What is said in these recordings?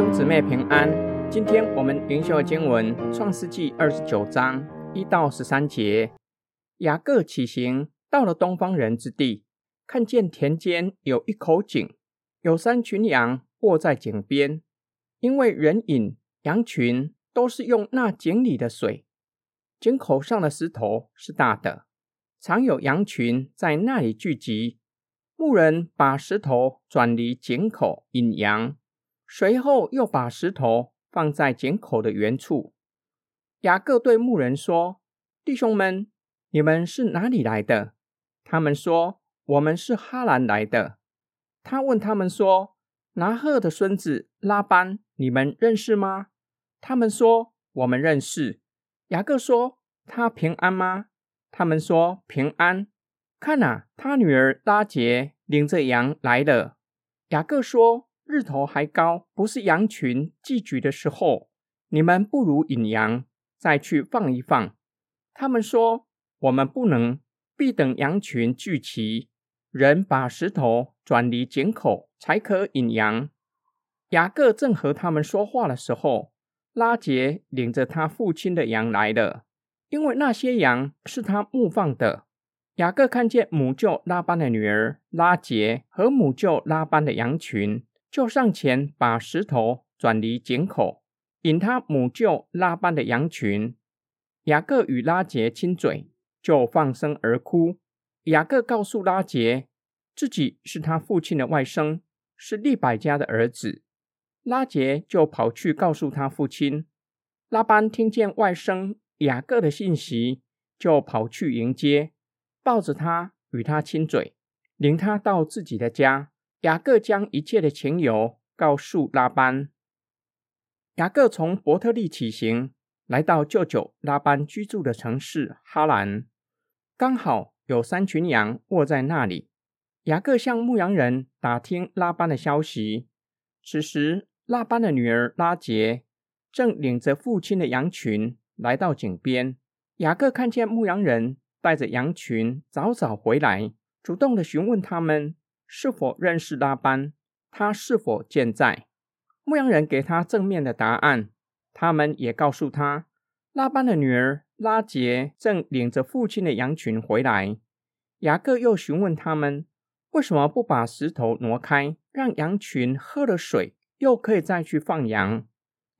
兄姊妹平安，今天我們靈修經文《創世紀》二十九章一到十三節。雅各起行，到了東方人之地，看見田間有一口井，有三群羊臥在井邊，因為人飲羊群都是用那井裡的水。井口上的石頭是大的，常有羊群在那裡聚集。牧人把石頭轉離井口飲羊。隨後又把石頭放在井口的原處。雅各對牧人說：“弟兄們，你們是哪裡來的？”他們說：“我們是哈蘭來的。”他問他們說：“拿鶴的孫子拉班，你們認識嗎？”他們說：“我們認識。”雅各說：“他平安嗎？”他們說：“平安。”看哪，他女兒拉結領着羊來了。雅各說。日頭還高，不是羊群聚集的時候，你們不如引羊再去放一放。他們說，我們不能，必等羊群聚齊，人把石頭轉離井口才可引羊。雅各正和他們說話的時候，拉結領着她父親的羊來了，因為那些羊是她牧放的。雅各看見母舅拉班的女兒拉結和母舅拉班的羊群。就上前把石頭轉離井口，飲他母舅拉班的羊群。雅各與拉結親嘴，就放聲而哭。雅各告訴拉結，自己是她父親的外甥，是利百加的兒子。拉結就跑去告訴她父親。拉班聽見外甥雅各的信息，就跑去迎接，抱着他，與他親嘴，領他到自己的家。雅各將一切的情由告訴拉班。雅各從伯特利起行，來到舅舅拉班居住的城市哈蘭，剛好有三群羊臥在那裡。雅各向牧羊人打聽拉班的消息。此時，拉班的女兒拉結正領着父親的羊群來到井邊。雅各看見牧羊人帶着羊群早早回來，主動的詢問他們。是否認識拉班？他是否健在？牧羊人給他正面的答案。他們也告訴他，拉班的女兒拉結正領着父親的羊群回來。雅各又詢問他們為什麼不把石頭挪開，讓羊群喝了水，又可以再去放羊。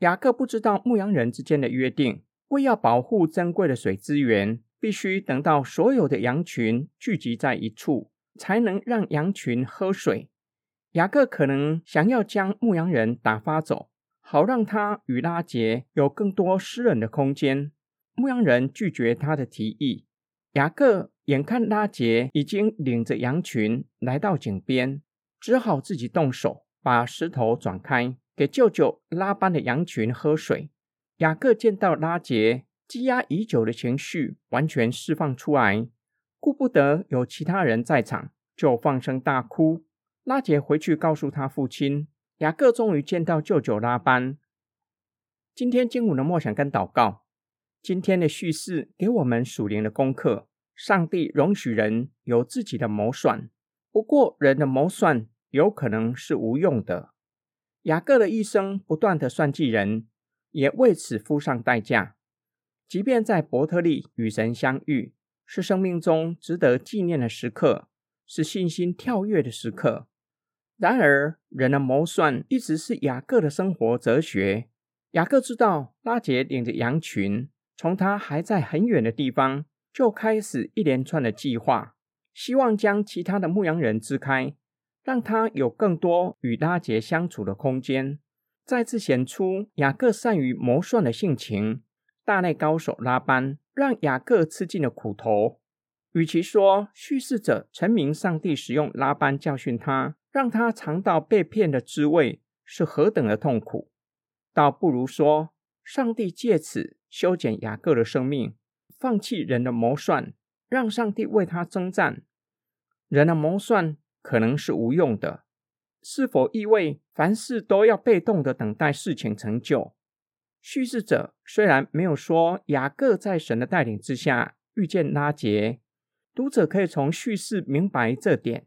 雅各不知道牧羊人之間的約定，為要保護珍貴的水資源，必須等到所有的羊群聚集在一處。才能讓羊群喝水。雅各可能想要將牧羊人打發走，好讓他與拉結有更多私人的空間。牧羊人拒絕他的提議。雅各眼看拉結已經領着羊群來到井邊，只好自己動手把石頭轉開，給舅舅拉班的羊群喝水。雅各見到拉結積壓已久的情緒完全釋放出來。顧不得有其他人在場，就放聲大哭。拉結回去告訴她父親，雅各終於見到舅舅拉班。今天經文的默想跟禱告，今天的敘事給我們屬靈的功課：上帝容許人有自己的謀算，不過人的謀算有可能是無用的。雅各的一生不斷的算計人，也為此付上代價。即便在伯特利與神相遇。是生命中值得記念的時刻，是信心跳躍的時刻。然而，人的謀算一直是雅各的生活哲學。雅各知道拉結領着羊群，從他還在很遠的地方就開始一連串的計劃，希望將其他的牧羊人支開，讓他有更多與拉結相處的空間，再次顯出雅各善於謀算的性情。大內高手拉班讓雅各吃盡了苦頭。與其說敘事者陳明上帝使用拉班教訓他，讓他嚐到被騙的滋味是何等的痛苦，倒不如說上帝借此修剪雅各的生命，放棄人的謀算，讓上帝為他爭戰。人的謀算可能是無用的，是否意味凡事都要被動的等待事情成就？敘事者雖然沒有說雅各在神的帶領之下遇見拉結，讀者可以從敘事明白這點，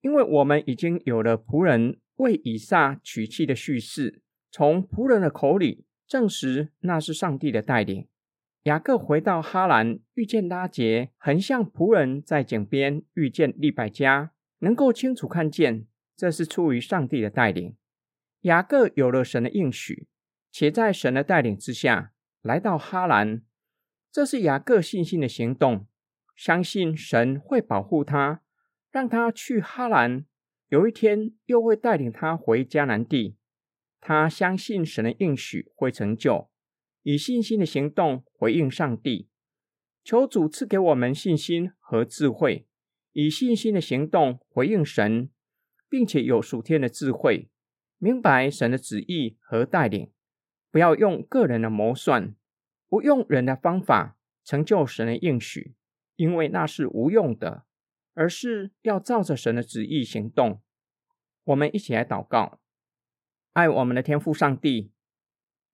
因為我們已經有了僕人為以撒娶妻的敘事，從僕人的口裡證實那是上帝的帶領。雅各回到哈蘭遇見拉結，很像僕人在井邊遇見利百加，能夠清楚看見這是出於上帝的帶領。雅各有了神的應許。且在神的帶領之下，來到哈蘭，這是雅各信心的行動，相信神會保護他，讓他去哈蘭。有一天，又會帶領他回迦南地。他相信神的應許會成就，以信心的行動回應上帝。求主賜給我們信心和智慧，以信心的行動回應神，並且有屬天的智慧，明白神的旨意和帶領。不要用個人的謀算，不用人的方法成就神的應許，因為那是無用的，而是要照着神的旨意行動。我們一起來禱告：愛我們的天父上帝，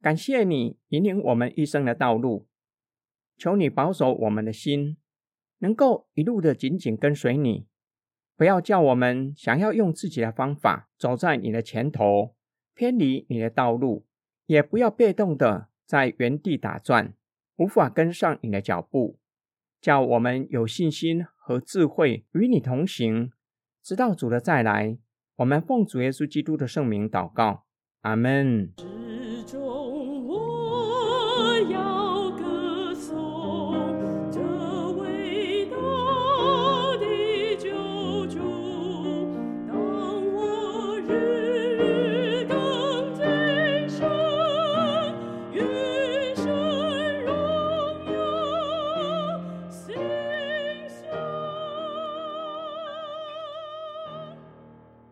感謝你引領我們一生的道路，求你保守我們的心，能夠一路的緊緊跟隨你，不要叫我們想要用自己的方法走在你的前頭，偏離你的道路。也不要被動的在原地打轉，無法跟上你的腳步，叫我們有信心和智慧與你同行，直到主的再來。我們奉主耶穌基督的聖名禱告，阿門。